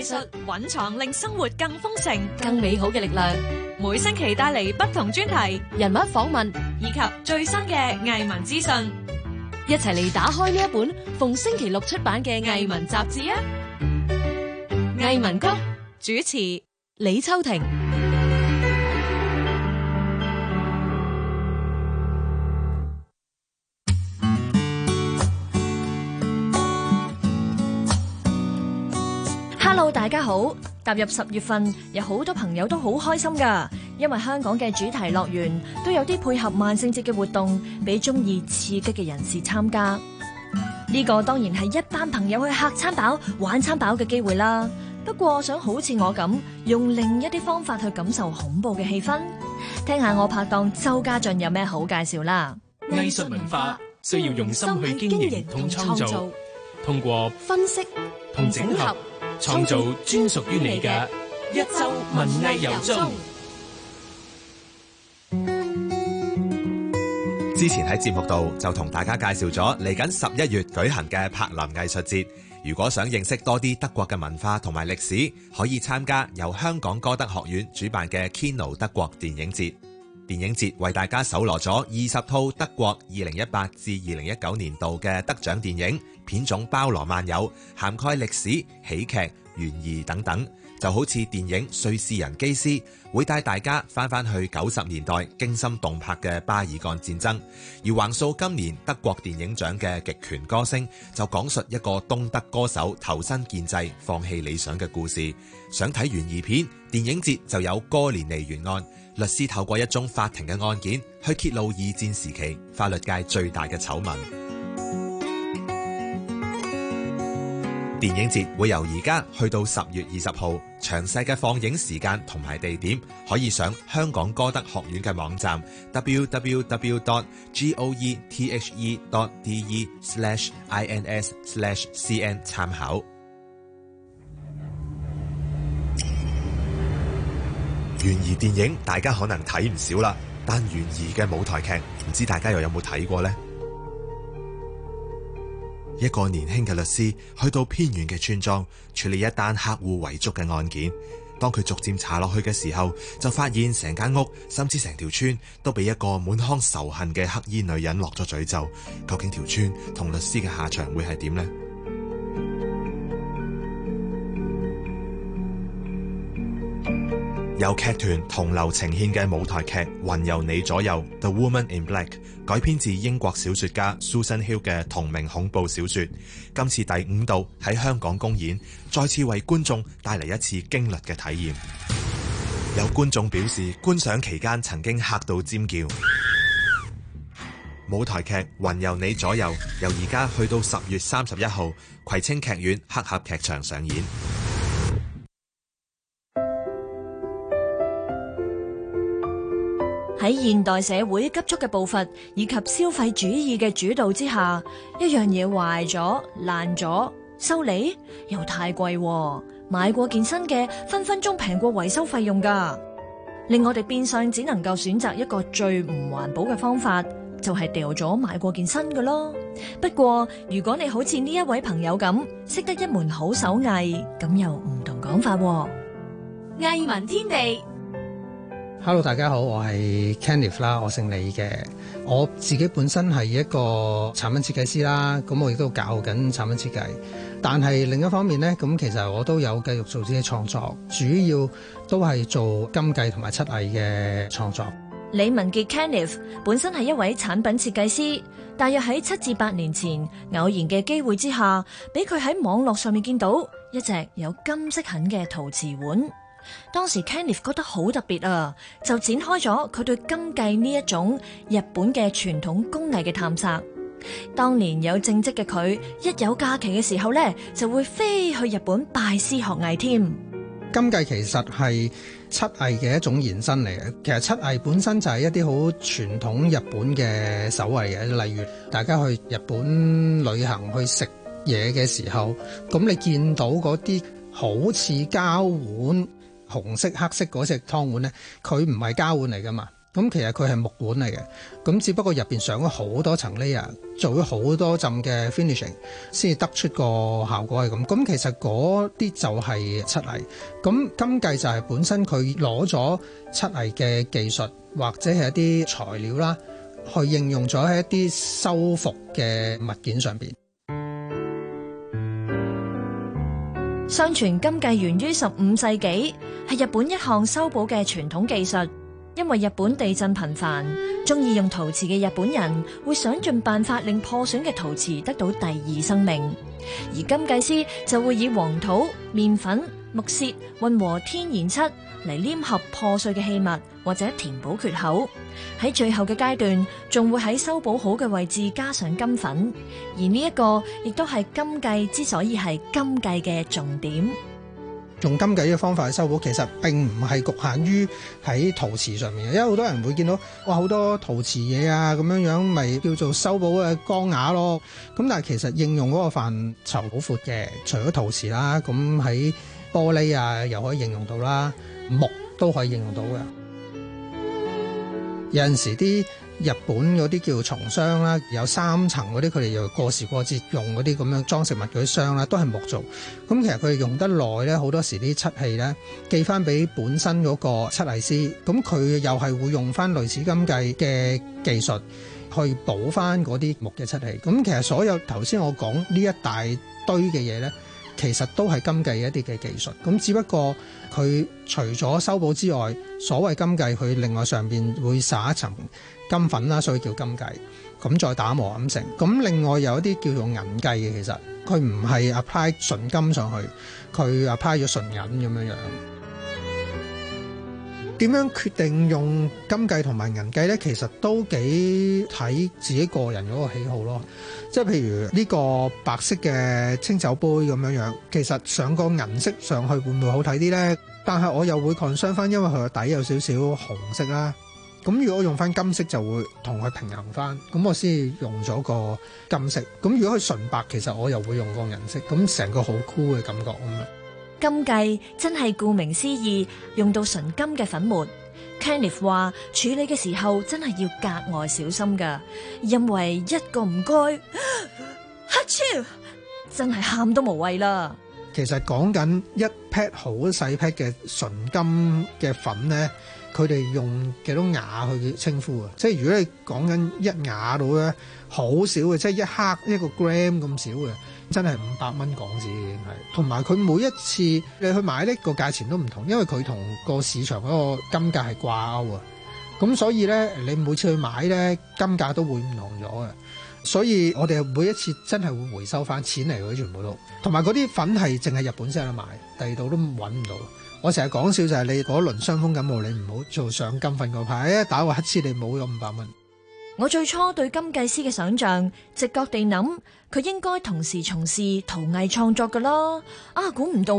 技術蘊藏令生活更豐盛、更美好嘅力量，每星期帶嚟不同專題、人物訪問以及最新嘅藝文資訊，一齊嚟打開呢一本逢星期六出版嘅藝文雜誌啊！藝文谷主持李秋婷。大家好，踏入十月份，有好多朋友都好開心噶，因為香港嘅主題樂園都有啲配合萬聖節嘅活動，俾中意刺激嘅人士參加。呢個當然係一班朋友去客餐飽、玩餐飽嘅機會啦。不過我想好似我咁，用另一啲方法去感受恐怖嘅氣氛，聽下我拍檔周家俊有咩好介紹啦。藝術文化需要用心去經營同創造，通過分析同整合。創造專屬於你嘅一周文藝遊週。之前喺節目度就同大家介紹咗，嚟緊十一月舉行嘅柏林藝術節。如果想認識多啲德國嘅文化同埋歷史，可以參加由香港歌德學院主辦嘅 Kino 德國電影節。電影節為大家搜羅咗二十套德國二零一八至二零一九年度嘅得獎電影，片種包羅萬有，涵蓋歷史、喜劇、懸疑等等。就好似電影《瑞士人基斯》會帶大家翻翻去九十年代驚心動魄嘅巴爾幹戰爭，而橫掃今年德國電影獎嘅《極權歌聲》就講述一個東德歌手投身建制、放棄理想嘅故事。想睇懸疑片，電影節就有《哥連尼懸案》。律師透過一宗法庭嘅案件，去揭露二戰時期法律界最大嘅醜聞。電影節會由而家去到十月二十號，詳細嘅放映時間同埋地點，可以上香港歌德學院嘅網站 www.goethe.de/ins/cn 參考。懸疑電影大家可能睇唔少啦，但懸疑嘅舞台劇唔知大家又有冇睇過呢？一個年輕嘅律師去到偏遠嘅村莊處理一單客戶遺囑嘅案件，當佢逐漸查落去嘅時候，就發現成間屋，甚至成條村都俾一個滿腔仇恨嘅黑衣女人落咗詛咒。究竟條村同律師嘅下場會係點呢？由劇團同流呈獻嘅舞台劇《雲遊你左右》（The Woman in Black） 改編自英國小說家 Susan Hill 嘅同名恐怖小說，今次第五度喺香港公演，再次為觀眾帶嚟一次驚慄嘅體驗。有觀眾表示，觀賞期間曾經嚇到尖叫。舞台劇《雲遊你左右》由而家去到十月三十一號，葵青劇院黑盒劇場上演。喺現代社會急速嘅步伐以及消費主義嘅主導之下，一樣嘢壞咗爛咗，修理又太貴，買過件新嘅，分分鐘平過維修費用噶，令我哋變相只能夠選擇一個最唔環保嘅方法，就係、是、掉咗買過件新嘅咯。不過如果你好似呢一位朋友咁，識得一門好手藝，咁又唔同講法。藝文天地。Hello，大家好，我係 Kenneth 啦，我姓李嘅，我自己本身係一個產品設計師啦，咁我亦都教緊產品設計，但係另一方面呢，咁其實我都有繼續做自己創作，主要都係做金繼同埋漆藝嘅創作。李民傑 Kenneth 本身係一位產品設計師，大約喺七至八年前偶然嘅機會之下，俾佢喺網絡上面見到一隻有金色痕嘅陶瓷碗。當時 Kenneth 覺得好特別啊，就展開咗佢對金繼呢一種日本嘅傳統工藝嘅探索。當年有正職嘅佢，一有假期嘅時候呢，就會飛去日本拜師學藝添。金繼其實係漆藝嘅一種延伸嚟嘅。其實漆藝本身就係一啲好傳統日本嘅手藝嘅，例如大家去日本旅行去食嘢嘅時候，咁你見到嗰啲好似膠碗。紅色、黑色嗰隻湯碗呢，佢唔係膠碗嚟㗎嘛，咁其實佢係木碗嚟嘅，咁只不過入面上咗好多層呢啊，做咗好多浸嘅 finishing，先至得出個效果係咁。咁其實嗰啲就係漆藝。咁金繼就係本身佢攞咗漆藝嘅技術或者係一啲材料啦，去應用咗喺一啲修復嘅物件上面。相傳金繼源於十五世紀，係日本一項修補嘅傳統技術。因為日本地震頻繁，中意用陶瓷嘅日本人會想盡辦法令破損嘅陶瓷得到第二生命，而金繼師就會以黃土、麵粉、木屑混合天然漆嚟黏合破碎嘅器物，或者填補缺口。喺最後嘅階段，仲會喺修補好嘅位置加上金粉。而呢、這、一個亦都係金繼之所以係金繼嘅重點。用金繼嘅方法去修補，其實並唔係局限於喺陶瓷上面嘅，因為好多人會見到哇，好多陶瓷嘢啊，咁樣樣咪叫做修補嘅光瓦咯。咁但係其實應用嗰個範疇好闊嘅，除咗陶瓷啦，咁喺。玻璃啊，又可以應用到啦，木都可以應用到嘅。有陣時啲日本嗰啲叫重箱啦，有三層嗰啲，佢哋又過時過節用嗰啲咁樣裝食物嗰啲箱啦，都係木做。咁其實佢哋用得耐咧，好多時啲漆器咧寄翻俾本身嗰個漆藝師，咁佢又係會用翻類似金繼嘅技術去補翻嗰啲木嘅漆器。咁其實所有頭先我講呢一大堆嘅嘢咧。其實都係金繼一啲嘅技術，咁只不過佢除咗修補之外，所謂金繼佢另外上邊會撒一層金粉啦，所以叫金繼，咁再打磨咁成。咁另外有一啲叫做銀繼嘅，其實佢唔係 apply 純金上去，佢 apply 咗純銀咁樣樣。點樣決定用金繼同埋銀繼呢？其實都幾睇自己個人嗰個喜好咯。即係譬如呢個白色嘅清酒杯咁樣樣，其實上個銀色上去會唔會好睇啲呢？但係我又會 concern 翻，因為佢個底有少少紅色啦。咁如果我用翻金色就會同佢平衡翻，咁我先用咗個金色。咁如果佢純白，其實我又會用個銀色。咁成個好酷嘅感覺咁金繼真係顧名思義，用到純金嘅粉末。Kenneth 話處理嘅時候真係要格外小心噶，因為一個唔該，乞嗤 真係喊都無謂啦。其實講緊一劈好細劈嘅純金嘅粉咧，佢哋用幾多瓦去稱呼啊？即係如果你講緊一瓦到咧，好少嘅，即係一克一個 gram 咁少嘅。真係五百蚊港紙已經係，同埋佢每一次你去買呢個價錢都唔同，因為佢同個市場嗰個金價係掛鈎啊。咁所以呢，你每次去買呢，金價都會唔同咗嘅。所以我哋每一次真係會回收翻錢嚟嘅，全部都。同埋嗰啲粉係淨係日本先有得買，第二度都揾唔到。我成日講笑就係、是、你嗰輪傷風感冒，你唔好做上金粉個牌，打個乞嗤，你冇咗五百蚊。我最初對金繼師嘅想象，直覺地諗佢應該同時從事陶藝創作噶咯。啊，估唔到，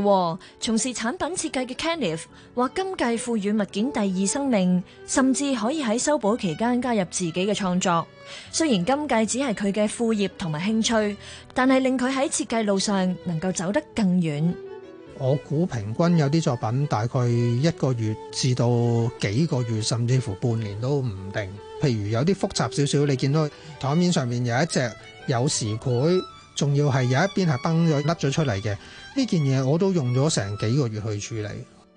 從事產品設計嘅 Kenneth 話金繼賦予物件第二生命，甚至可以喺修補期間加入自己嘅創作。雖然金繼只係佢嘅副業同埋興趣，但係令佢喺設計路上能夠走得更遠。我估平均有啲作品大概一個月至到幾個月，甚至乎半年都唔定。譬如有啲複雜少少，你見到枱面上面有一隻，有時佢仲要係有一邊係崩咗甩咗出嚟嘅呢件嘢，我都用咗成幾個月去處理。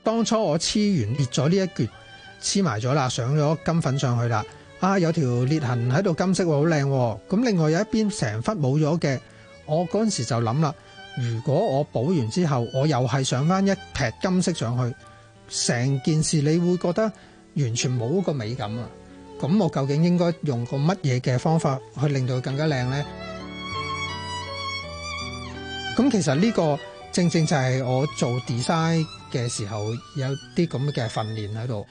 當初我黐完裂咗呢一橛，黐埋咗啦，上咗金粉上去啦。啊，有條裂痕喺度，金色好靚。咁另外有一邊成忽冇咗嘅，我嗰陣時就諗啦。如果我補完之後，我又係上翻一撇金色上去，成件事你會覺得完全冇個美感啊！咁我究竟應該用個乜嘢嘅方法去令到佢更加靚呢？咁其實呢個正正就係我做 design 嘅時候有啲咁嘅訓練喺度。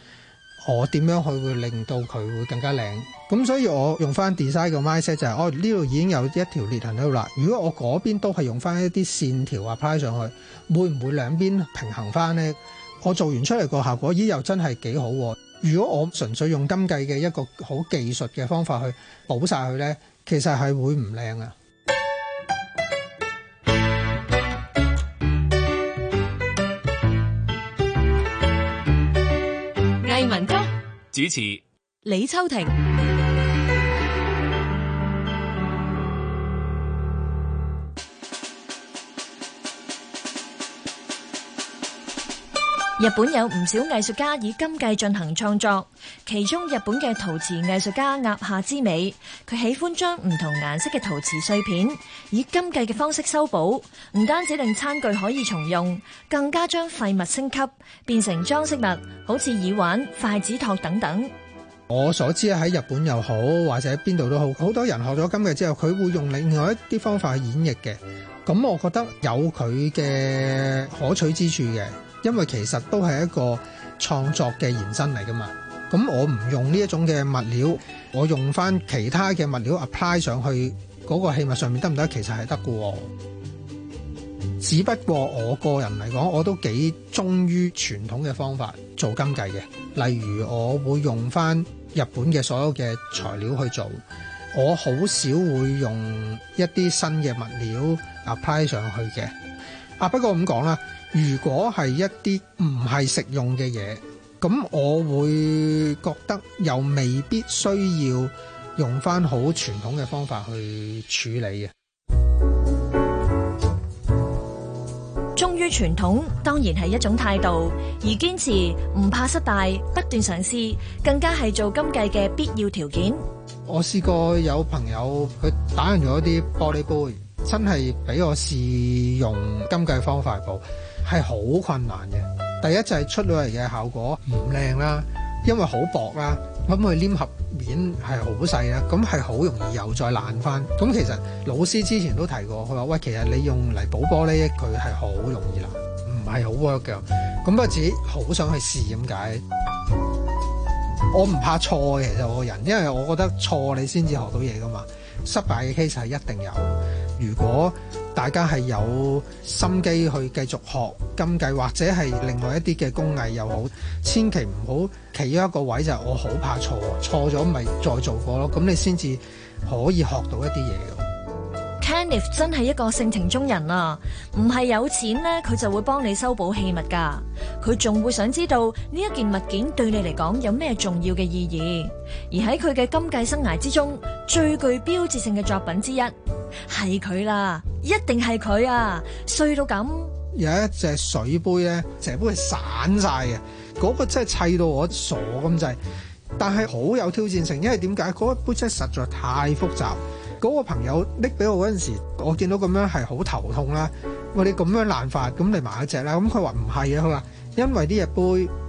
我點樣去會令到佢會更加靚？咁所以我用翻 design 個 mindset 就係，哦，我呢度已經有一條裂痕喺度啦。如果我嗰邊都係用翻一啲線條 apply 上去，會唔會兩邊平衡翻呢？我做完出嚟個效果，咦，又真係幾好。如果我純粹用金繼嘅一個好技術嘅方法去補晒佢呢，其實係會唔靚啊。主持李秋婷。日本有唔少藝術家以金繼進行創作，其中日本嘅陶瓷藝術家鴨下之美，佢喜歡將唔同顏色嘅陶瓷碎片以金繼嘅方式修補，唔單止令餐具可以重用，更加將廢物升級變成裝飾物，好似耳環、筷子托等等。我所知喺日本又好，或者邊度都好，好多人學咗金繼之後，佢會用另外一啲方法去演繹嘅。咁我覺得有佢嘅可取之處嘅。因為其實都係一個創作嘅延伸嚟噶嘛，咁我唔用呢一種嘅物料，我用翻其他嘅物料 apply 上去嗰個器物上面得唔得？其實係得嘅喎。只不過我個人嚟講，我都幾忠於傳統嘅方法做金繼嘅。例如，我會用翻日本嘅所有嘅材料去做，我好少會用一啲新嘅物料 apply 上去嘅。啊，不過咁講啦。如果係一啲唔係食用嘅嘢，咁我會覺得又未必需要用翻好傳統嘅方法去處理嘅。忠於傳統當然係一種態度，而堅持唔怕失敗、不斷嘗試，更加係做金繼嘅必要條件。我試過有朋友佢打爛咗啲玻璃杯，真係俾我試用金繼方法補。係好困難嘅，第一就係出到嚟嘅效果唔靚啦，因為好薄啦，咁佢粘合面係好細啦，咁係好容易又再爛翻。咁其實老師之前都提過，佢話，喂，其實你用嚟補玻璃，佢係好容易爛，唔係好 work 㗎。咁我自己好想去試咁解。我唔怕錯嘅，其實我個人，因為我覺得錯你先至學到嘢噶嘛，失敗嘅 case 係一定有。如果大家係有心機去繼續學金繼或者係另外一啲嘅工藝又好，千祈唔好企中一個位就係我好怕錯，錯咗咪再做過咯。咁你先至可以學到一啲嘢㗎。Kenneth 真係一個性情中人啊！唔係有錢咧，佢就會幫你修補器物噶。佢仲會想知道呢一件物件對你嚟講有咩重要嘅意義。而喺佢嘅金繼生涯之中，最具標誌性嘅作品之一係佢啦，一定係佢啊！碎到咁，有一隻水杯咧，成杯係散晒嘅。嗰、那個真係砌到我傻咁滯，但係好有挑戰性，因為點解？嗰、那、一、個、杯真係實在太複雜。嗰個朋友拎俾我嗰陣時，我見到咁樣係好頭痛啦。我，你咁樣爛法，咁你買一隻啦。咁佢話唔係啊，佢話因為呢隻杯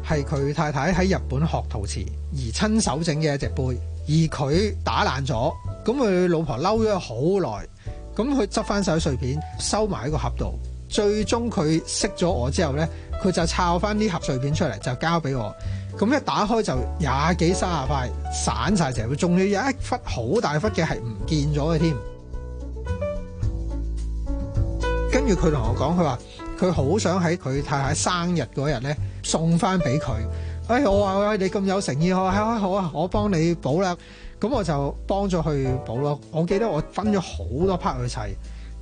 係佢太太喺日本學陶瓷而親手整嘅一隻杯，而佢打爛咗，咁佢老婆嬲咗好耐，咁佢執翻晒碎片收埋喺個盒度，最終佢識咗我之後呢，佢就抄翻啲盒碎片出嚟，就交俾我。咁一打開就廿幾卅塊散曬成，仲要有一忽好大忽嘅係唔見咗嘅添。跟住佢同我講，佢話佢好想喺佢太太生日嗰日呢送翻俾佢。哎，我話喂，你咁有誠意，我係我，我幫你補啦。咁我就幫咗去補咯。我記得我分咗好多 part 去砌，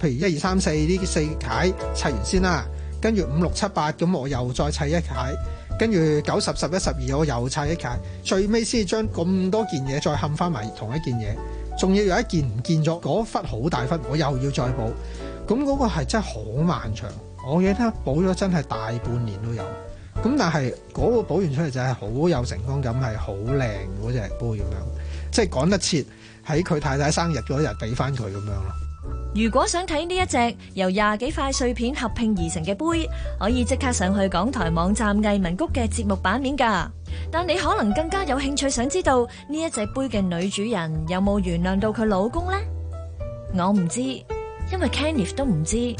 譬如一二三四呢四楷砌完先啦，跟住五六七八咁我又再砌一楷。跟住九十十一十二，90, 10, 11, 12, 我又拆一解，最尾先將咁多件嘢，再冚翻埋同一件嘢，仲要有一件唔見咗，嗰忽好大忽，我又要再補，咁、那、嗰個係真係好漫長。我記得補咗真係大半年都有，咁但係嗰個補完出嚟就係好有成功感，係好靚嗰隻杯咁樣，即係趕得切喺佢太太生日嗰日俾翻佢咁樣咯。如果想睇呢一隻由廿幾塊碎片合拼而成嘅杯，可以即刻上去港台網站藝文谷嘅節目版面噶。但你可能更加有興趣想知道呢一隻杯嘅女主人有冇原諒到佢老公呢？我唔知，因為 Kenneth 都唔知。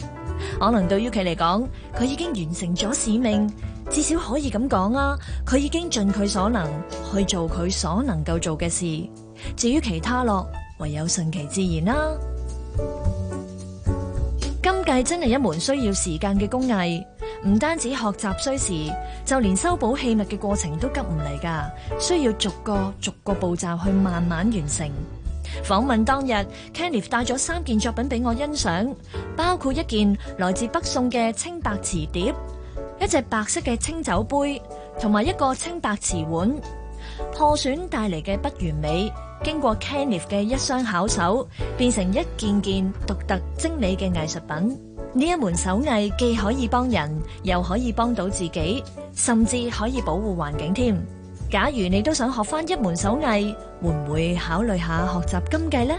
可能對於佢嚟講，佢已經完成咗使命，至少可以咁講啊！佢已經盡佢所能去做佢所能夠做嘅事。至於其他咯，唯有順其自然啦。金繼真係一門需要時間嘅工藝，唔單止學習需時，就連修補器物嘅過程都急唔嚟噶需要逐個逐個步驟去慢慢完成。訪問當日 ，Kenneth 帶咗三件作品俾我欣賞，包括一件來自北宋嘅青白瓷碟，一隻白色嘅清酒杯，同埋一個青白瓷碗。破損帶嚟嘅不完美，經過 Kenneth 嘅一雙巧手，變成一件件獨特精美嘅藝術品。呢一門手藝既可以幫人，又可以幫到自己，甚至可以保護環境添。假如你都想學翻一門手藝，會唔會考慮下學習金繼呢？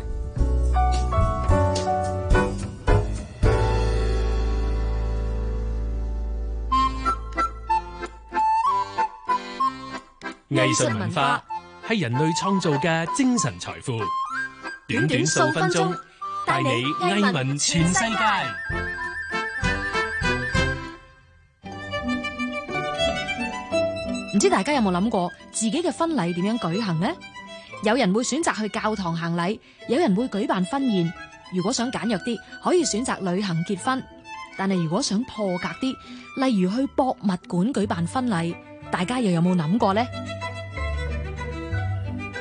藝術文化係人類創造嘅精神財富。短短數分鐘帶你藝文全世界。唔知大家有冇諗過自己嘅婚禮點樣舉行呢？有人會選擇去教堂行禮，有人會舉辦婚宴。如果想簡約啲，可以選擇旅行結婚。但係如果想破格啲，例如去博物館舉辦婚禮，大家又有冇諗過呢？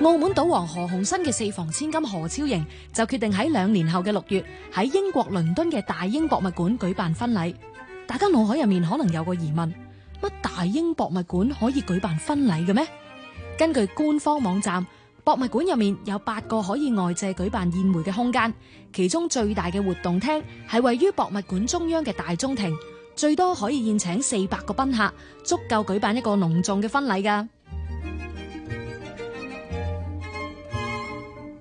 澳門賭王何鴻燊嘅四房千金何超盈就決定喺兩年後嘅六月喺英國倫敦嘅大英博物館舉辦婚禮。大家腦海入面可能有個疑問：乜大英博物館可以舉辦婚禮嘅咩？根據官方網站，博物館入面有八個可以外借舉辦宴會嘅空間，其中最大嘅活動廳係位於博物館中央嘅大中庭，最多可以宴請四百個賓客，足夠舉辦一個隆重嘅婚禮噶。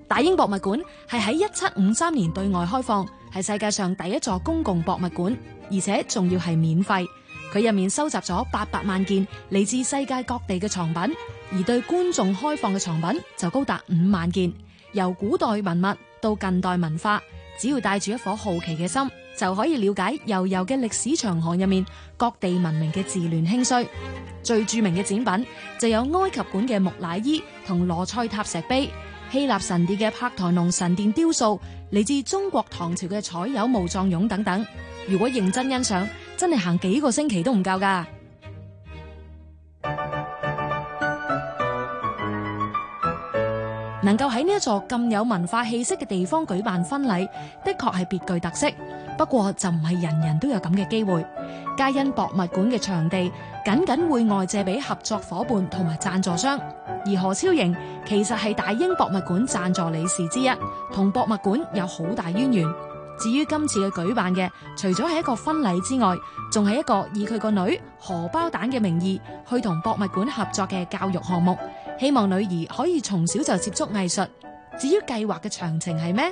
大英博物館係喺一七五三年對外開放，係世界上第一座公共博物館，而且仲要係免費。佢入面收集咗八百萬件嚟自世界各地嘅藏品，而對觀眾開放嘅藏品就高達五萬件。由古代文物到近代文化，只要帶住一顆好奇嘅心，就可以了解悠悠嘅歷史長河入面各地文明嘅治亂興衰。最著名嘅展品就有埃及館嘅木乃伊同羅塞塔石碑，希臘神殿嘅帕台農神殿雕塑，嚟自中國唐朝嘅彩釉墓葬俑等等。如果認真欣賞，真係行幾個星期都唔夠㗎。能夠喺呢一座咁有文化氣息嘅地方舉辦婚禮，的確係別具特色。不過就唔係人人都有咁嘅機會。皆因博物館嘅場地僅僅會外借俾合作伙伴同埋贊助商。而何超盈其實係大英博物館贊助理事之一，同博物館有好大淵源。至於今次嘅舉辦嘅，除咗係一個婚禮之外，仲係一個以佢個女荷包蛋嘅名義去同博物館合作嘅教育項目。希望女兒可以從小就接觸藝術。至於計劃嘅詳情係咩？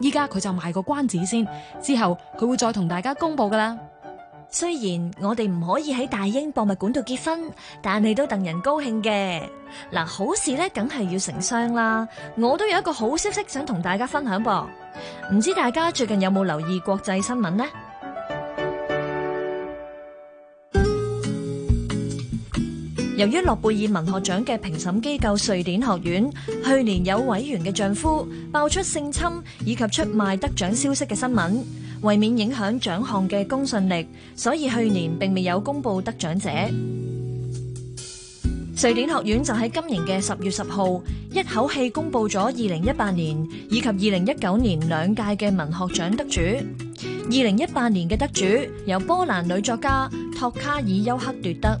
依家佢就賣個關子先，之後佢會再同大家公布㗎喇。雖然我哋唔可以喺大英博物館度結婚，但你都戥人高興嘅。嗱，好事咧，梗係要成雙啦。我都有一個好消息想同大家分享噃，唔知大家最近有冇留意國際新聞呢？由於諾貝爾文學獎嘅評審機構瑞典學院去年有委員嘅丈夫爆出性侵以及出賣得獎消息嘅新聞，為免影響獎項嘅公信力，所以去年並未有公布得獎者。瑞典學院就喺今年嘅十月十號一口氣公布咗二零一八年以及二零一九年兩屆嘅文學獎得主。二零一八年嘅得主由波蘭女作家托卡爾休克奪得。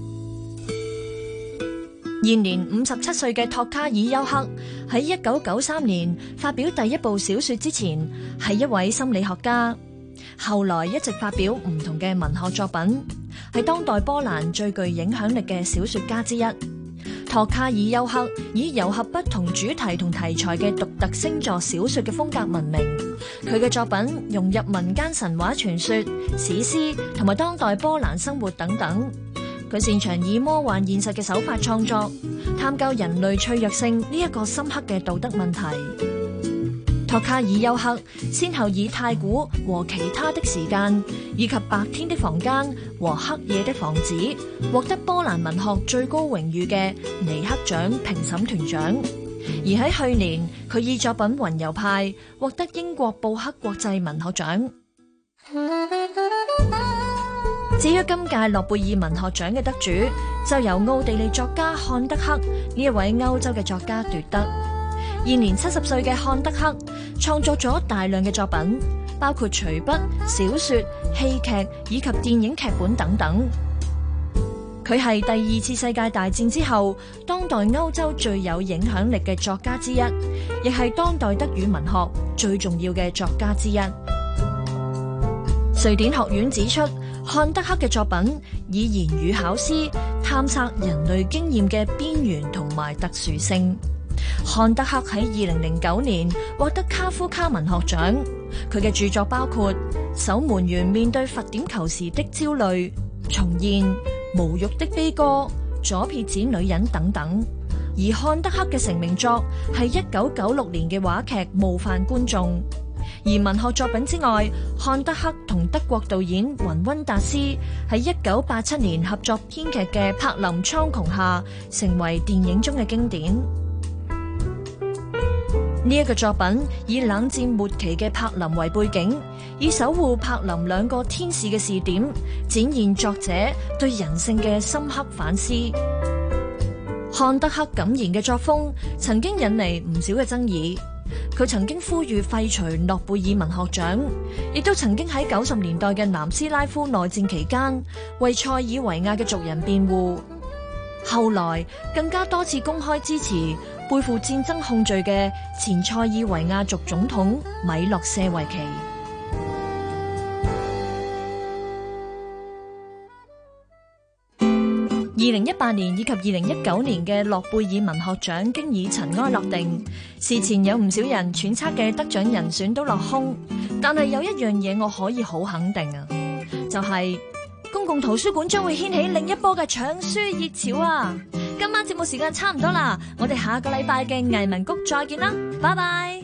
現年五十七歲嘅托卡爾休克喺一九九三年發表第一部小說之前，係一位心理學家，後來一直發表唔同嘅文學作品，係當代波蘭最具影響力嘅小說家之一。托卡爾休克以糅合不同主題同題材嘅獨特星座小說嘅風格聞名，佢嘅作品融入民間神話傳說、史詩同埋當代波蘭生活等等。佢擅長以魔幻現實嘅手法創作，探究人類脆弱性呢一個深刻嘅道德問題。托卡爾丘克先後以《太古和其他的時間》，以及《白天的房間》和《黑夜的房子》，獲得波蘭文學最高榮譽嘅尼克獎評審團獎。而喺去年，佢以作品《雲遊派》獲得英國布克國際文學獎。至於今屆諾貝爾文學獎嘅得主，就由奧地利作家漢德克呢一位歐洲嘅作家奪得。現年七十歲嘅漢德克創作咗大量嘅作品，包括隨筆、小說、戲劇以及電影劇本等等。佢係第二次世界大戰之後當代歐洲最有影響力嘅作家之一，亦係當代德語文學最重要嘅作家之一。瑞典學院指出，漢德克嘅作品以言語考試探測人類經驗嘅邊緣同埋特殊性。漢德克喺二零零九年獲得卡夫卡文學獎。佢嘅著作包括《守門員面對罰點球時的焦慮》、《重現》、《無欲的悲歌》、《左撇子女人》等等。而漢德克嘅成名作係一九九六年嘅話劇《冒犯觀眾》。而文學作品之外，漢德克同德國導演雲温達斯喺一九八七年合作編劇嘅《柏林蒼穹下》成為電影中嘅經典。呢一個作品以冷戰末期嘅柏林為背景，以守護柏林兩個天使嘅視點，展現作者對人性嘅深刻反思。漢德克敢言嘅作風曾經引嚟唔少嘅爭議。佢曾經呼籲廢除諾貝爾文學獎，亦都曾經喺九十年代嘅南斯拉夫內戰期間為塞爾維亞嘅族人辯護，後來更加多次公開支持背負戰爭控罪嘅前塞爾維亞族總統米洛舍維奇。二零一八年以及二零一九年嘅諾貝爾文學獎經已塵埃落定，事前有唔少人揣測嘅得獎人選都落空，但係有一樣嘢我可以好肯定啊，就係公共圖書館將會掀起另一波嘅搶書熱潮啊！今晚節目時間差唔多啦，我哋下個禮拜嘅藝文谷再見啦，拜拜。